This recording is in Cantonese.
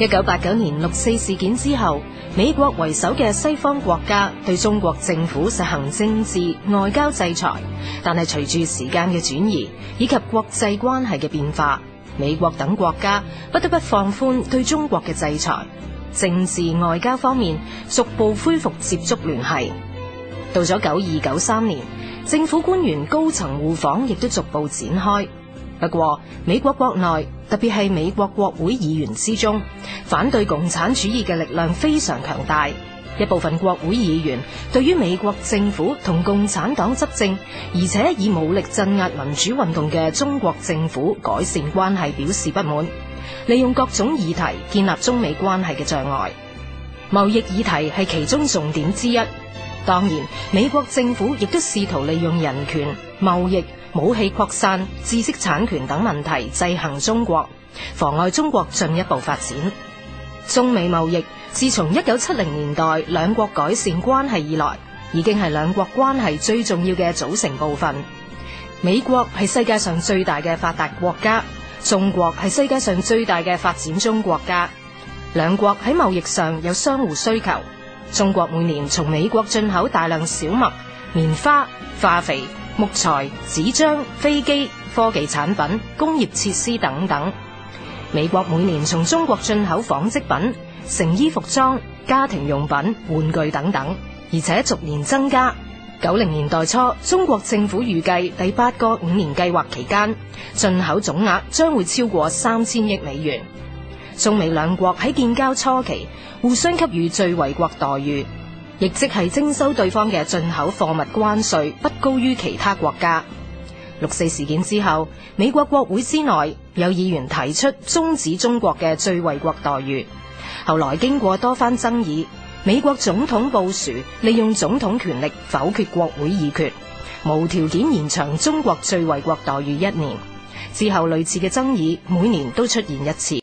一九八九年六四事件之後，美國為首嘅西方國家對中國政府實行政治外交制裁。但係隨住時間嘅轉移以及國際關係嘅變化，美國等國家不得不放寬對中國嘅制裁，政治外交方面逐步恢復接觸聯繫。到咗九二九三年，政府官員高層互訪亦都逐步展開。不過，美國國內，特別係美國國會議員之中，反對共產主義嘅力量非常強大。一部分國會議員對於美國政府同共產黨執政，而且以武力鎮壓民主運動嘅中國政府改善關係表示不滿，利用各種議題建立中美關係嘅障礙。貿易議題係其中重點之一。當然，美國政府亦都試圖利用人權、貿易。武器擴散、知識產權等問題，制衡中國，妨礙中國進一步發展。中美貿易自從一九七零年代兩國改善關係以來，已經係兩國關係最重要嘅組成部分。美國係世界上最大嘅發達國家，中國係世界上最大嘅發展中國家。兩國喺貿易上有相互需求。中國每年從美國進口大量小麥、棉花、化肥。木材、紙張、飛機、科技產品、工業設施等等，美國每年從中國進口紡織品、成衣服裝、家庭用品、玩具等等，而且逐年增加。九零年代初，中國政府預計第八個五年計劃期間，進口總額將會超過三千億美元。中美兩國喺建交初期，互相給予最惠國待遇。亦即係徵收對方嘅進口貨物關稅，不高於其他國家。六四事件之後，美國國會之內有議員提出終止中國嘅最惠國待遇。後來經過多番爭議，美國總統布殊利用總統權力否決國會議決，無條件延長中國最惠國待遇一年。之後類似嘅爭議每年都出現一次。